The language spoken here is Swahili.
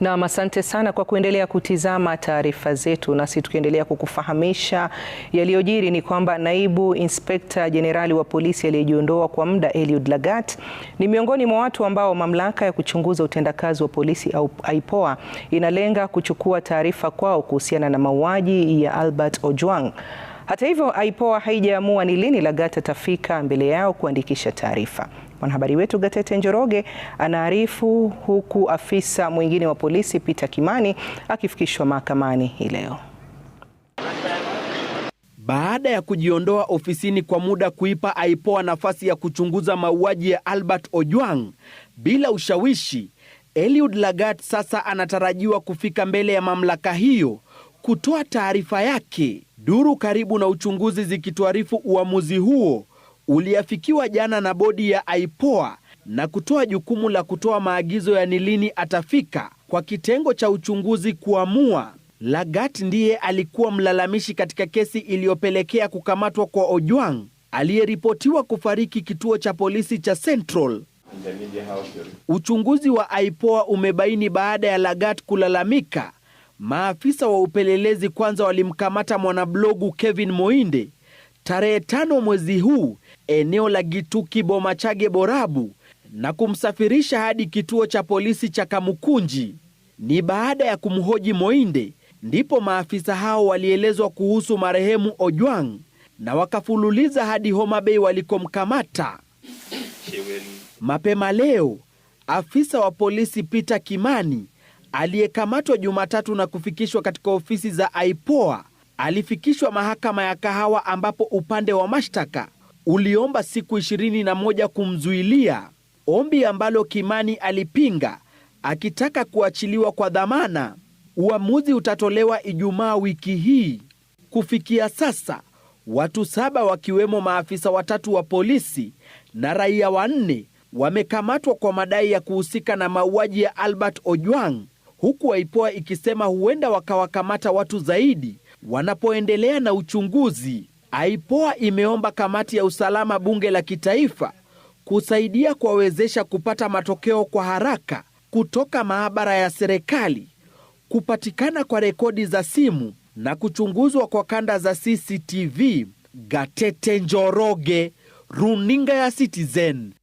Naam, asante sana kwa kuendelea kutizama taarifa zetu, nasi tukiendelea kukufahamisha yaliyojiri ni kwamba naibu inspekta jenerali wa polisi aliyejiondoa kwa muda Eliud Lagat ni miongoni mwa watu ambao mamlaka ya kuchunguza utendakazi wa polisi au IPOA inalenga kuchukua taarifa kwao kuhusiana na mauaji ya Albert Ojwang. Hata hivyo, IPOA haijaamua ni lini Lagata atafika mbele yao kuandikisha taarifa. Mwanahabari wetu Gatete Njoroge anaarifu, huku afisa mwingine wa polisi Peter Kimani akifikishwa mahakamani hii leo. Baada ya kujiondoa ofisini kwa muda kuipa IPOA nafasi ya kuchunguza mauaji ya Albert Ojwang bila ushawishi, Eliud Lagat sasa anatarajiwa kufika mbele ya mamlaka hiyo kutoa taarifa yake. Duru karibu na uchunguzi zikituarifu uamuzi huo uliafikiwa jana na bodi ya IPOA na kutoa jukumu la kutoa maagizo ya ni lini atafika kwa kitengo cha uchunguzi kuamua. Lagat ndiye alikuwa mlalamishi katika kesi iliyopelekea kukamatwa kwa Ojwang aliyeripotiwa kufariki kituo cha polisi cha Central. Uchunguzi wa IPOA umebaini baada ya Lagat kulalamika Maafisa wa upelelezi kwanza walimkamata mwanablogu Kevin Moinde tarehe tano mwezi huu eneo la Gituki Bomachage Borabu na kumsafirisha hadi kituo cha polisi cha Kamukunji. Ni baada ya kumhoji Moinde ndipo maafisa hao walielezwa kuhusu marehemu Ojwang na wakafululiza hadi Homa Bay walikomkamata. Mapema leo afisa wa polisi Peter Kimani aliyekamatwa Jumatatu na kufikishwa katika ofisi za IPOA alifikishwa mahakama ya Kahawa ambapo upande wa mashtaka uliomba siku 21 kumzuilia, ombi ambalo Kimani alipinga akitaka kuachiliwa kwa dhamana. Uamuzi utatolewa Ijumaa wiki hii. Kufikia sasa watu saba wakiwemo maafisa watatu wa polisi na raia wanne wamekamatwa kwa madai ya kuhusika na mauaji ya Albert Ojwang huku Aipoa ikisema huenda wakawakamata watu zaidi wanapoendelea na uchunguzi. Aipoa imeomba kamati ya usalama bunge la kitaifa kusaidia kuwawezesha kupata matokeo kwa haraka kutoka maabara ya serikali, kupatikana kwa rekodi za simu na kuchunguzwa kwa kanda za CCTV. Gatete Njoroge, runinga ya Citizen.